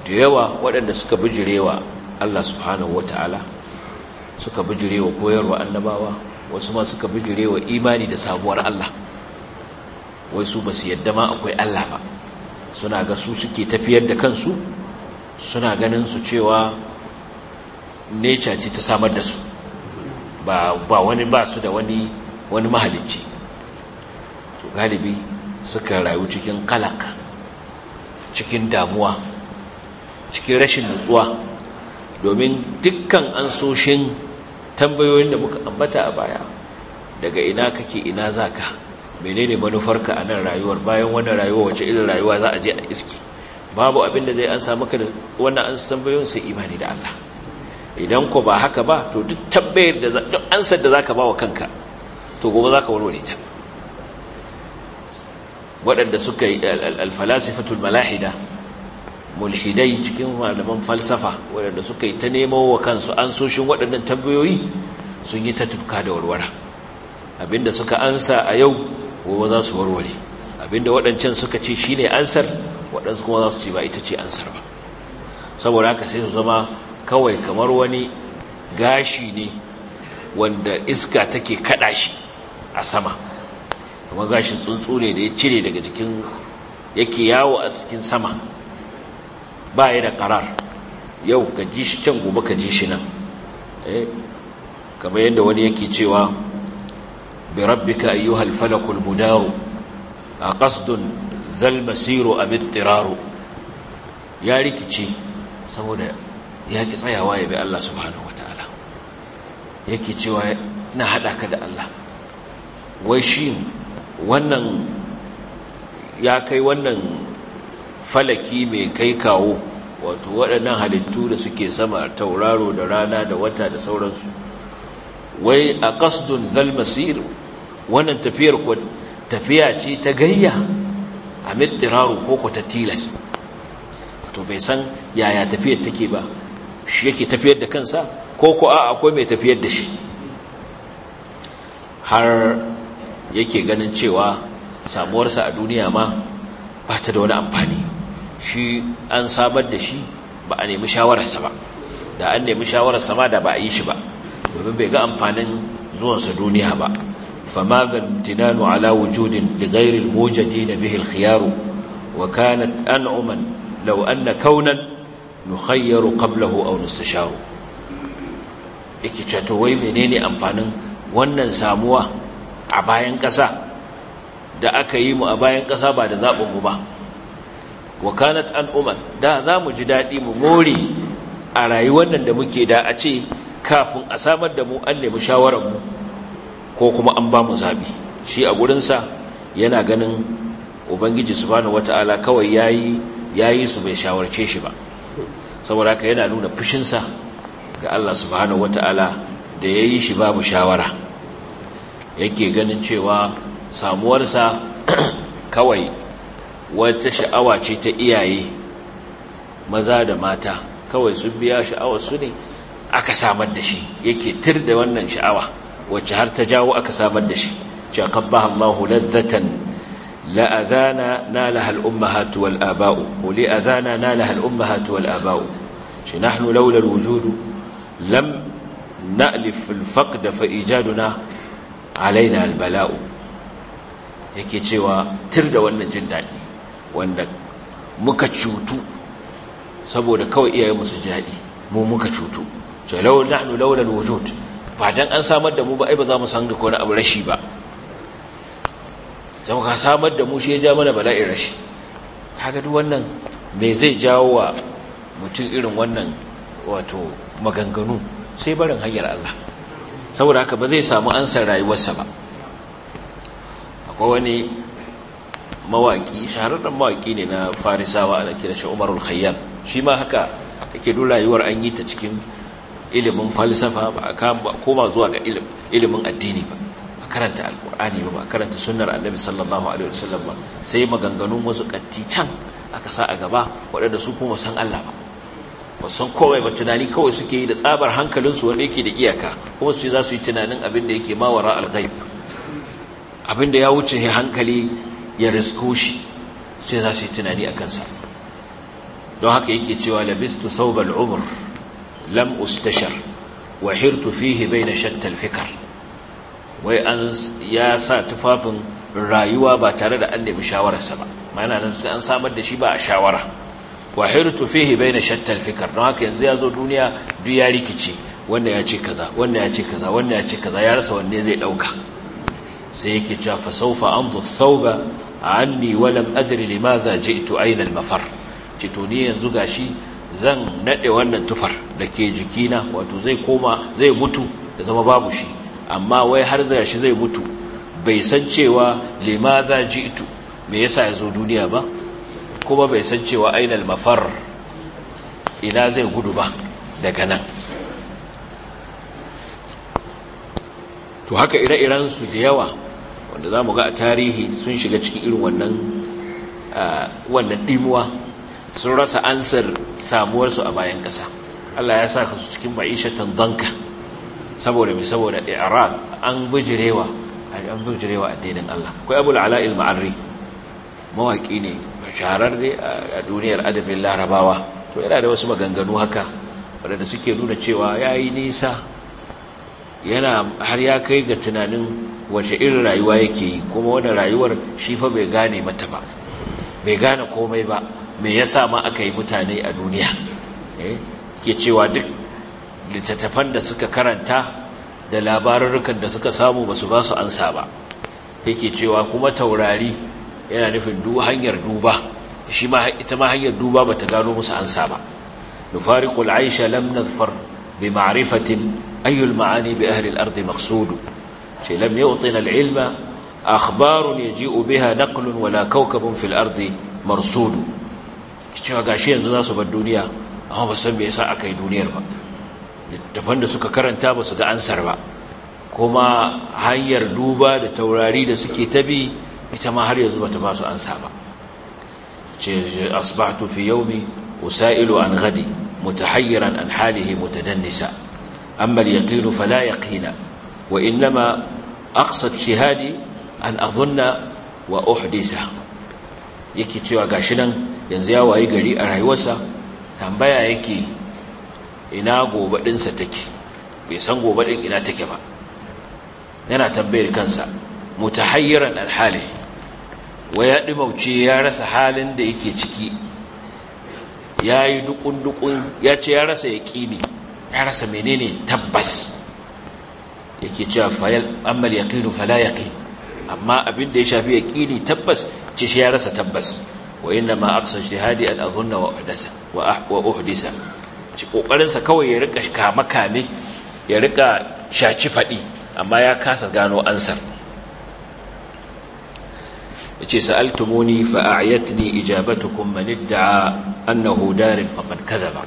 da yawa waɗanda suka bijirewa Allah subhanahu wata'ala suka bijirewa koyarwa annabawa wasu ma suka bijirewa imani da sabuwar Allah wai su basu yadda ma akwai Allah ba suna ga su suke tafiyar da kansu suna ganin su cewa nature ce ta samar da su ba wani ba su da wani wani mahalicci galibi suka rayu cikin kalak cikin damuwa cikin rashin nutsuwa domin dukkan ansoshin tambayoyin da muka ambata a baya daga ina kake ina za zaka menene manufarka a nan rayuwar bayan wannan rayuwa wace irin rayuwa za a je a iski babu abin da zai an samu ka da wannan an tambayoyin sai imani da Allah idan ko ba haka ba to duk tabbayar da duk ansar da zaka ba wa kanka to gobe zaka warware ta waɗanda suka yi alfalasifatul malahida mulhidai cikin malaman falsafa waɗanda suka yi ta nemo wa kansu an soshin waɗannan tambayoyi sun yi ta tufka da warwara abinda suka ansa a yau gobe za su warware abinda waɗancan suka ce shine ansar waɗansu kuma za su ce ba ita ce ansar ba saboda haka sai su zama kawai kamar wani gashi ne wanda iska take kaɗa shi a sama kamar gashin tsuntsu ne da ya cire daga jikin yake yawo a cikin sama ba ya da karar yau ka ji shi can gobe ka ji shi nan eh, kamar yadda wani yake cewa bi rabbika ayyuhal falakul mudaru a qasdun zal masiru am ya rikice saboda ya ki tsayawa ya bi Allah subhanahu wataala yake cewa na hada ka da Allah wai shi wannan ya kai wannan falaki mai kai kawo wato waɗannan halittu da suke sama tauraro da rana da wata da sauransu wai a ƙasdun zalmasir wannan tafiyar tafiya ce ta gayya a mittiraru ko ku ta tilas to bai san yaya tafiyar take ba shi yake tafiyar da kansa ko ku a akwai mai tafiyar da shi har yake ganin cewa samuwarsa a duniya ma ba ta da wani amfani shi an samar da shi ba a nemi shawararsa ba da an nemi shawararsa ma da ba a yi shi ba domin bai ga amfanin zuwansa duniya ba fama tinanu ala wujudin da gairin mojadi na bihil khiyaru wa kanat an'uman lau anna kaunan nukhayyaru qablahu aw nustasharu yake cewa to wai menene amfanin wannan samuwa a bayan ƙasa da aka yi mu a bayan ƙasa ba da mu ba wa kanat an da za mu ji daɗi mu more a rayuwar nan da muke da a ce kafin a samar da mu an nemi mu ko kuma an ba mu zaɓi shi a gurinsa yana ganin ubangiji su subhanahu wata'ala kawai yayi yayi su bai shawarce shi ba saboda haka yana nuna fushinsa ga Allah subhanahu wata'ala da yayi shi babu shawara yake ganin cewa samuwarsa [CLEARS THROAT] kawai wata sha'awa ce ta iyaye maza da mata kawai sun biya sha'awar su ne aka samar da shi yake tir da wannan sha'awa wacce har ta jawo aka samar da shi ce qabbaha Allahu ladzatan la adhana nalaha ummahatu wal aba'u wa laular wujudu, nalaha al-ummahatu wal aba'u shi nahnu lam na'lif fa ijaduna alaina albala'u yake cewa tir da wannan jin daɗi wanda muka cutu saboda kawai iyayenmu su jaɗi, daɗi mu muka cutu to law nahnu lawla wujud ba dan an samar da mu ba ai ba za mu san da wani abu rashi ba sai ka samar da mu shi ya ja mana bala'in rashi kaga duk wannan me zai jawo wa mutum irin wannan wato maganganu sai barin hanyar Allah saboda haka ba zai samu ansar rayuwarsa ba akwai wani mawaki shahararren mawaki ne na farisawa ana da shi umarul khayyam shi ma haka ake dole rayuwar an yi ta cikin ilimin falsafa ba a koma zuwa ga ilimin addini ba a karanta alkur'ani ba ba a karanta sunnar annabi sallallahu alaihi wasallam ba sai maganganun wasu kattican can aka sa a gaba waɗanda su kuma san Allah ba ba kowai ba tunani kawai suke yi da tsabar hankalinsu wanda yake da iyaka kuma su za su yi tunanin abin da yake mawara alghaib abin da ya wuce hankali ya risko shi sai za su yi tunani a kansa don haka yake cewa labistu saubal umr lam ustashar wa hirtu fihi baina shatta wai an ya sa tufafin rayuwa ba tare da an nemi shawararsa ba ma'ana nan an samar da shi ba a shawara wa hirtu fihi baina shattal fikr don haka yanzu ya zo duniya duk ya rikice wanda ya ce kaza wanda ya ce kaza wanda ya ce kaza ya rasa wanne zai dauka sai yake cewa fa sawfa amdu thawba anni wa lam adri limadha ji'tu ayna al-mafar ni yanzu gashi zan nade wannan tufar da ke jikina wato zai koma zai mutu da zama babu shi amma wai har zai shi zai mutu bai san cewa limadha ji'tu me yasa ya zo duniya ba kuma bai san cewa ainihin mafar ina zai gudu ba daga nan to haka ire-iren su da yawa wanda za mu ga a tarihi sun shiga cikin irin wannan wannan dimuwa sun rasa ansar samuwarsu a bayan ƙasa Allah ya sa su cikin ma'ishatan danka saboda mai saboda iraq an bijirewa an bijirewa addinin Allah akwai abul ala'il ma'arri mawaƙi ne shahararre a duniyar adabin larabawa to yana da wasu maganganu haka wadanda suke nuna cewa ya yi nisa yana har ya kai ga tunanin wace irin rayuwa yake yi kuma wani rayuwar shifa fa bai gane mata ba bai gane komai ba me yasa ma aka yi mutane a duniya eh, ke cewa duk littattafan da suka karanta da labarurrukan da suka samu ba su ba su ansa ba yake cewa kuma taurari yana nufin hanyar duba shi ma ita ma hanyar duba bata gano musu ansa ba nufariqu aisha lam nadfar bi ma'rifatin ayu maani bi ahli al-ard maqsud shi lam yu'tina al-ilma akhbar yaji'u biha naql wala kawkab fi al-ard marsud cewa gashi yanzu zasu bar duniya amma ba san me yasa akai duniyar ba littafan da suka karanta ba su ga ansar ba kuma hanyar duba da taurari da suke tabi ita ma har yanzu bata ba su ansa ba ce asbahtu fi yawmi usailu an ghadi mutahayyiran an halihi mutadannisa amma al-yaqin fala yaqina wa inma aqsad shahadi an adhunna wa uhdisa yake cewa gashi nan yanzu ya wayi gari a rayuwarsa tambaya yake ina gobe dinsa take bai san gobe din ina take ba yana tambayar kansa mutahayyiran an halihi wa ya ɗimauce ya rasa halin da yake ciki ya yi dukun-dukun ya ce ya rasa ya ƙini ya rasa menene tabbas yake cewa fayal ammal ya ƙinu fala ya ƙi amma abin da ya shafi ya ƙini tabbas ce shi ya rasa tabbas wa inna ma a ƙasar shahadi al'azunna wa uhdisa ci ƙoƙarinsa kawai ya rika kame kame ya rika shaci faɗi amma ya kasa gano ansar yace sa'altumuni fa a'yatni ijabatukum man idda'a annahu darin faqad kadhaba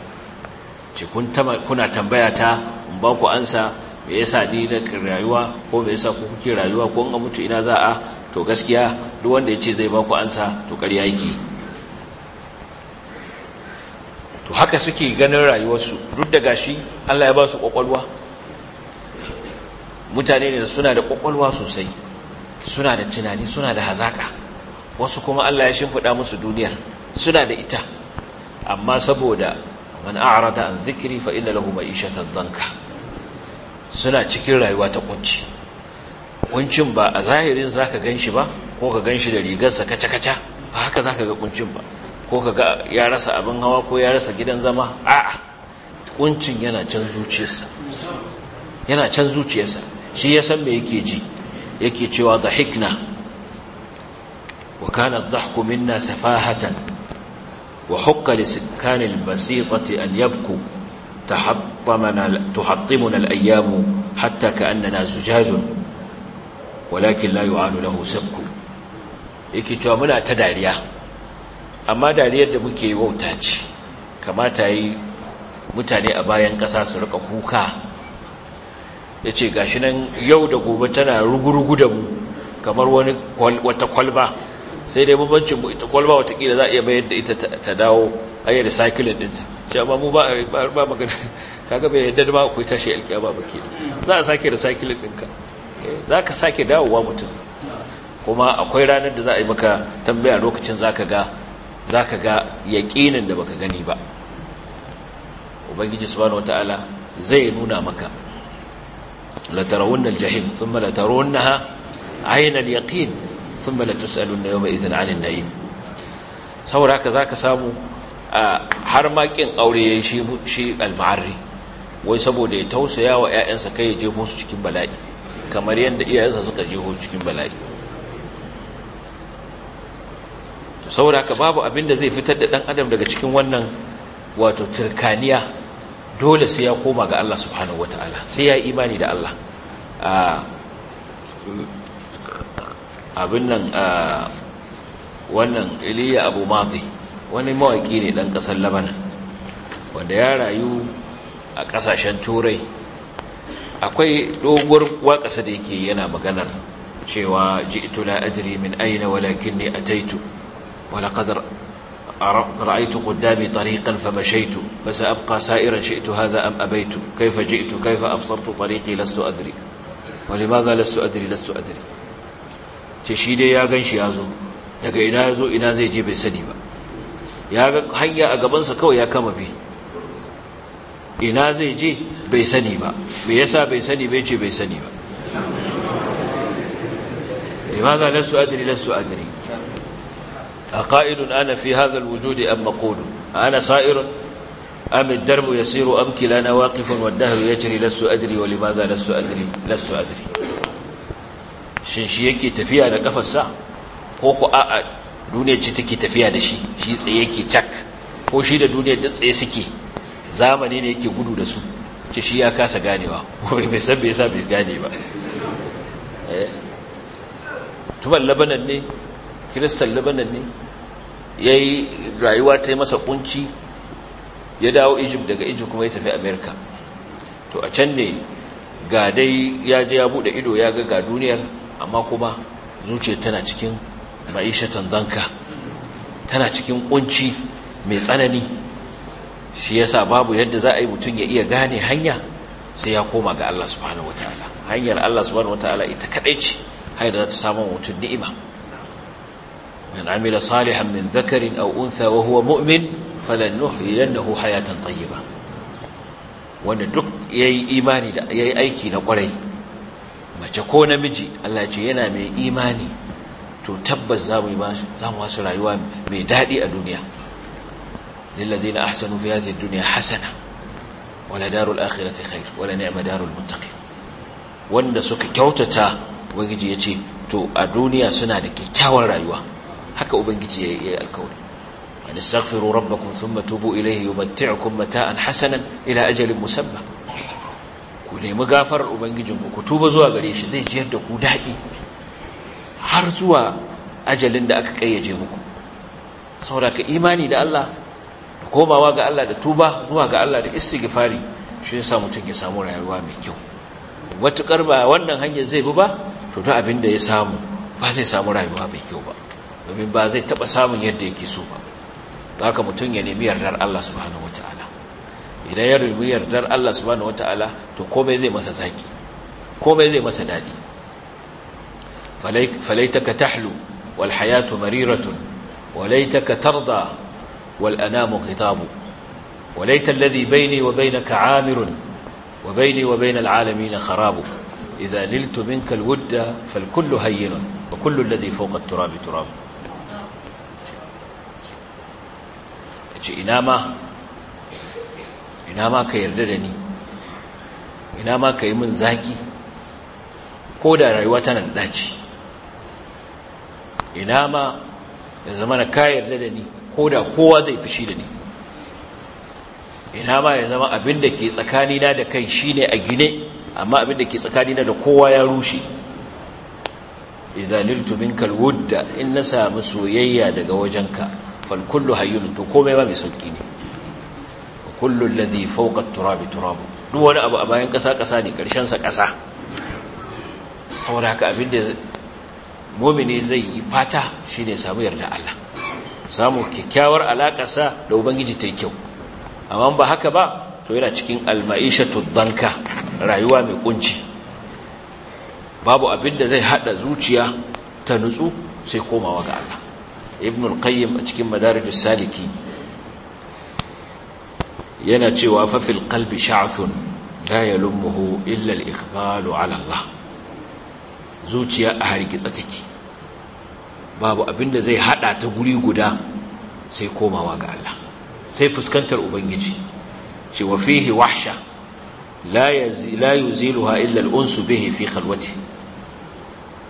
ce kun kuna tambaya ta in ba ku ansa me yasa ni na rayuwa ko me yasa ku kuke rayuwa ko an mutu ina za a to gaskiya duk wanda yace zai ba ku ansa to ƙarya yake to haka suke ganin rayuwarsu duk da gashi Allah ya ba su kwakwalwa mutane ne suna da kwakwalwa sosai suna da tunani suna da hazaƙa. wasu kuma Allah ya shimfiɗa musu duniyar suna da ita amma saboda man a'rada an zikiri fa inna lahu ma'ishatan danka suna cikin rayuwa ta kunci kuncin ba a zahirin zaka ganshi ba ko ka ganshi da rigarsa kaca-kaca ba haka zaka ga kuncin ba ko ka ga ya rasa abin hawa ko ya rasa gidan zama a'a kuncin yana can zuciyarsa yana can zuciyarsa shi ya san me yake ji yake cewa da hikna وكان الضحك منا سفاهة وحق لسكان البسيطة أن يبكوا تحطمنا, تحطمنا الأيام حتى كأننا زجاج ولكن لا يعان له سبك yake cewa muna ta dariya amma dariyar da muke yi wauta ce kamata yi mutane a bayan ƙasa su rika kuka ya ce gashi nan yau da gobe tana rugurugu da mu kamar wani wata kwalba sai dai bambancin mu ita kwalba watakila za a iya bayar da ita ta dawo a yi recycling dinta shi amma mu ba ba magana [LAUGHS] kaga bai yadda da ba akwai tashi alƙiyama ba ke za a sake recycling dinka eh, za ka sake dawowa mutum kuma akwai ranar da za a yi maka tambaya lokacin za ka ga za ka ga yaƙinin da baka gani ba ubangiji subhanahu wata'ala zai nuna maka la tarawunnal jahim thumma la tarawunnaha ayna al-yaqin sun bala tusalun yau mai izin anin na'im saboda haka za ka samu har makin aure ya yi shi alma'arri wai saboda ya tausaya wa 'ya'yansa kai ya jefo su cikin bala'i kamar yadda iyayensa suka jefo cikin bala'i saboda haka babu abin da zai fitar da ɗan adam daga cikin wannan wato turkaniya dole sai ya koma ga Allah subhanahu wataala sai ya yi imani da Allah abin nan wannan iliya abu mati wani mawaki ne ɗan ƙasar labanan wanda ya rayu a ƙasashen turai akwai doguwar waƙasa da yake yana maganar cewa ji'tu la adri min aina walakin ni ataitu wala qadar رأيت قدامي طريقا فمشيت فسأبقى سائرا شئت هذا أم أبيت كيف جئت كيف أبصرت طريقي لست أدري ولماذا لست أدري لست أدري ce shi dai ya gan shi ya zo daga ina ya zo ina zai je bai sani ba ya ga hanya a gabansa kawai ya kama bi ina zai je bai sani ba me yasa bai sani bai ce bai sani ba limaza lasu adri lasu adri aqaidun ana fi hadha alwujud am maqul ana sa'irun am ad-darb yasiru am kilana waqifun wad-dahr yajri lasu adri wa limaza lasu shin shi yake tafiya da kafarsa ko ku a'a duniyar ci take tafiya da shi shi tsaye yake cak ko shi da duniyar da tsaye suke zamani ne yake gudu da su ce shi ya kasa ganewa ko [LAUGHS] bai san bai sa bai gane ba eh. tuban labanan ne kiristan labanan ne ya rayuwa ta masa kunci ya dawo egypt daga egypt kuma ya tafi america to a can ne ga dai ya je ya buɗe ido ya ga ga duniyar amma kuma zuciya tana cikin ma'ishatan zanka tana cikin kunci mai tsanani shi yasa babu yadda za a yi mutum ya iya gane hanya sai ya koma ga Allah subhanahu wataala hanyar Allah subhanahu wataala ita kadai ce haida da za ta samu mutum ni'ima man amila salihan min dhakarin aw untha wa huwa mu'min falanuhyiyannahu hayatan tayyiba wanda duk yayi imani da yayi aiki na kwarai mace ko namiji Allah ce yana mai imani to tabbas za mu yi wasu rayuwa mai daɗi a duniya lilladina ahsanu fi hadhihi dunya hasana wala darul akhirati khair wala ni'ma darul muttaqin wanda suka kyautata ubangiji yace to a duniya suna da kyakkyawar rayuwa haka ubangiji ya yi alkawari an astaghfiru rabbakum thumma tubu ilayhi yumatti'ukum mata'an hasanan ila ajalin musamma ku nemi gafar ubangijinku ku tuba zuwa gare shi zai jiyar da ku daɗi har zuwa ajalin da aka ƙayyaje muku saboda ka imani da Allah da komawa ga Allah da tuba zuwa ga Allah da istighfari shi yasa mutum ya samu rayuwa mai kyau wata ba wannan hanyar zai bi ba to duk abin da ya samu ba zai samu rayuwa mai kyau ba domin ba zai taba samun yadda yake so ba haka mutum ya nemi yardar Allah subhanahu wataala idan ya rubi yardar Allah subhanahu wataala to komai zai masa zaki komai zai masa dadi falaitaka tahlu wal hayatu mariratun walaitaka tarda wal anamu khitabu walaita alladhi bayni wa baynaka amirun wa bayni wa baynal alamin kharabu idha liltu minka al wudda fal kullu hayyinun wa kullu alladhi fawqa at turabi turab ce ina ma ina ma ka yarda da ni ina ma ka yi min zaki ko da rayuwa tana da ɗaci ina ma ya zama na ka yarda da ni ko da kowa zai fushi da ni ina ma ya zama abin da ke tsakanina da kai ne a gine amma abin da ke tsakanina da kowa ya rushe idza niltu kalwudda, in na samu soyayya daga wajenka falkullu hayyun to komai ba mai sauki ne kullu alladhi fawqa at-turabi turabu duk wani abu a bayan kasa kasa ne karshen sa kasa saboda haka abinda mu'mini zai yi fata shine samu yarda Allah samu kikkiawar alaka sa da ubangiji ta yi kyau amma ba haka ba to yana cikin almaishatu danka rayuwa mai kunci babu abinda zai hada zuciya ta nutsu sai komawa ga Allah Ibnul qayyim a cikin madarijus saliki yana cewa fafil kalbi qalbi sha'thun la yalumuhu illa al ikhbalu ala Allah zuciya a hargitsa take babu abinda zai hada ta guri guda sai komawa ga Allah sai fuskantar ubangiji ce wa fihi wahsha la yuziluha illa al-unsu bihi fi khalwati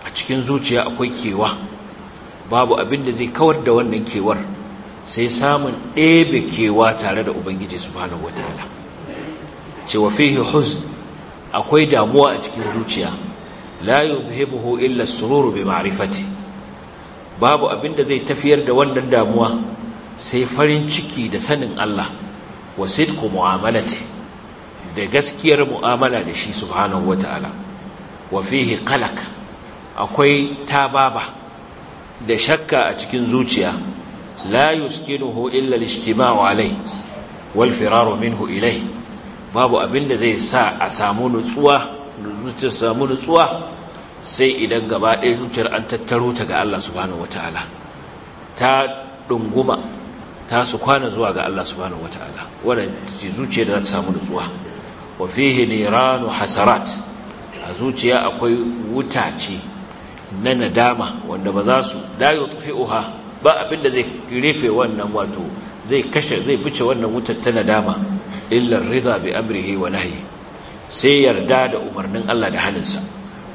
a cikin zuciya akwai kewa babu abin da zai kawar da wannan kewar sai samun ɗebe kewa tare da ubangiji subhanahu wataala cewa fihi huzn akwai damuwa a cikin zuciya la yuzhibuhu illa sururu bi ma'rifati babu abin da zai tafiyar da wannan damuwa sai farin ciki da sanin Allah wa sidqu mu'amalati da gaskiyar mu'amala da shi subhanahu wataala wa fihi qalaq akwai tababa da shakka a cikin zuciya la yuskinuhu illa al-ijtima'u alayhi wal firaru babu abin da zai sa a samu nutsuwa zuciyar samu nutsuwa sai idan gaba ɗaya zuciyar an tattaro ta ga Allah subhanahu wataala ta dunguma ta su kwana zuwa ga Allah subhanahu wataala wannan zuciyar da za ta samu nutsuwa wa fihi niranu hasarat a zuciya akwai wuta ce na nadama wanda ba za su da yutfi'uha ba abin da zai rufe wannan wato zai kashe zai bice wannan wutar ta nadama illa ridha bi amrihi wa nahyi sai yarda da umarnin Allah da haninsa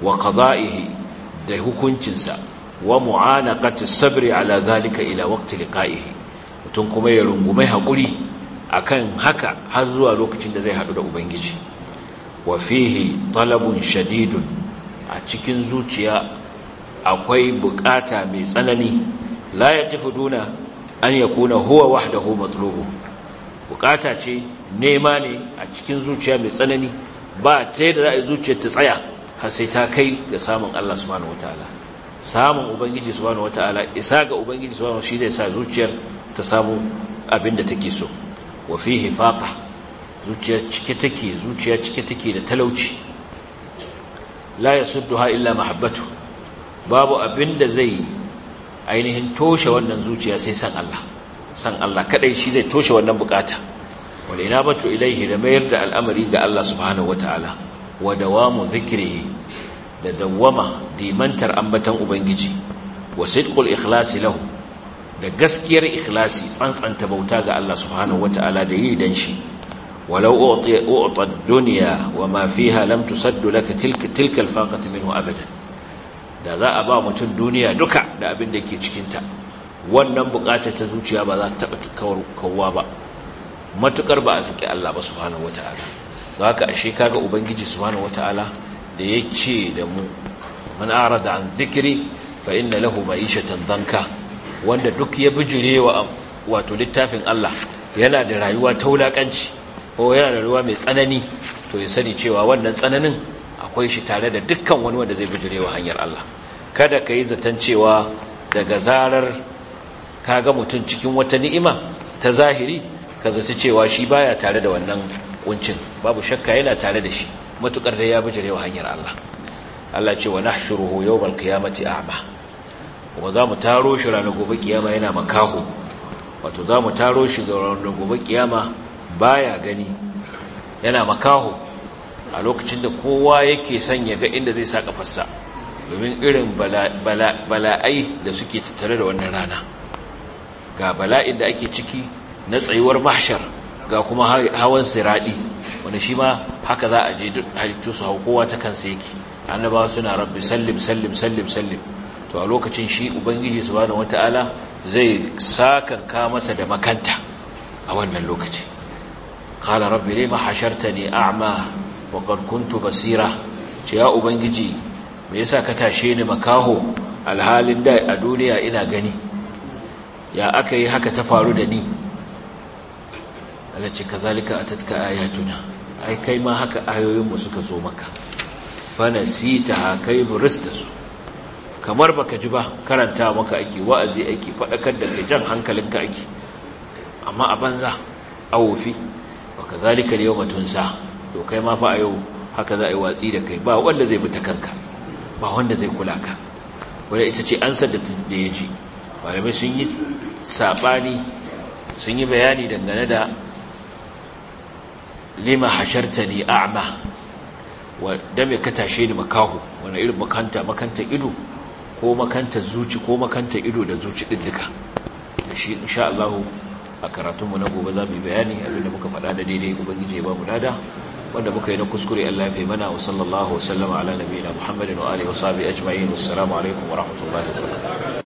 wa qada'ihi da hukuncinsa wa mu'anaqati sabri ala zalika ila waqti liqa'ihi mutum kuma ya rungume hakuri akan haka har zuwa lokacin da zai hadu da ubangiji wa fihi talabun shadidun a cikin zuciya akwai bukata mai tsanani la tafi duna an yakuna huwa wahdahu matlubu bukata ce nema ne a cikin zuciya mai tsanani ba ta da za a yi zuciyar ta tsaya har sai ta kai ga samun Allah su subhanahu wataala samun ubangiji su subhanahu wataala isa ga ubangiji su subhanahu shi zai sa zuciyar ta samu abin da take so wa fihi zuciyar cike take zuciya cike take da talauci la duha illa mahabbatu babu abin da zai ainihin toshe wannan zuciya sai san Allah san Allah kadai shi zai toshe wannan bukata wal inabatu ilaihi da mayar da al'amari ga Allah subhanahu wataala wa dawamu dhikrihi da dawama dimantar ambatan ubangiji wa sidqul ikhlasi lahu da gaskiyar ikhlasi tsantsanta bauta ga Allah subhanahu wataala da yi dan shi walau u'ta ad-dunya wa ma fiha lam tusaddu laka tilka tilka al-faqatu minhu abadan da za a ba mutum duniya duka da abin da ke cikinta wannan bukatar ta zuciya ba za ta taɓa kawwa ba matukar ba a zuƙi Allah ba subhanahu wata'ala za ka ashe kaga ubangiji subhanahu wata'ala da ya ce da mu man arada an zikiri fa inna lahu ma'ishatan danka wanda duk ya bijire wa wato littafin Allah yana da rayuwa ta wulakanci ko yana da rayuwa mai tsanani to ya sani cewa wannan tsananin akwai shi tare da dukkan wani wanda zai bijire wa hanyar Allah kada ka yi zaton cewa daga zarar ka ga mutum cikin wata ni'ima ta zahiri ka zaci cewa shi baya tare da wannan kuncin babu shakka yana tare da shi matukar da ya wa hanyar Allah Allah ce wa nahshuruhu yawmal qiyamati a'ma kuma mu taro shi ranar gobe kiyama yana makaho wato za mu taro shi ranar gobe kiyama baya gani yana makaho a lokacin da kowa yake son ya ga inda zai sa kafarsa domin irin bala'ai da suke tattare da wannan rana ga bala'in da ake ciki na tsayuwar mahshar ga kuma hawan siradi Wani shi ma haka za a je halittu su hau kowa ta kansa yake annaba suna rabbi sallim sallim sallim sallim to a lokacin shi ubangiji su subhanahu wataala zai sakanka masa da makanta a wannan lokaci kala rabbi ne mahasharta ne wa qad kuntu basira ce ya ubangiji me yasa ka tashe ni makaho alhalin da a duniya ina gani ya aka yi haka ta faru da ni alace kazalika atatka ayatuna ai kai ma haka ayoyinmu suka zo maka fanasita kai burista su kamar baka ji ba karanta maka ake wa'azi ake fadakar da kai jan hankalinka ake amma a banza a wofi baka zalika ne yau matunsa to kai ma fa a yau haka za a yi watsi da kai ba wanda zai bi ta kanka ba wanda zai kula ka wadda ita ce ansar da ya ji malamai sun yi saɓani sun yi bayani dangane da lima hasharta ne a'ma wadda mai ka tashe ni makahu wani irin makanta makanta ido ko makanta zuci ko makanta ido da zuci ɗin da shi insha Allah a karatunmu na gobe za mu yi bayani abinda muka faɗa da daidai ubangiji ya ba mu dada wanda muka yi na kuskure Allah fi mana wa sallallahu wa sallama ala nabiyina Muhammadin wa alihi wa sahbihi ajma'in assalamu alaikum wa rahmatullahi wa barakatuh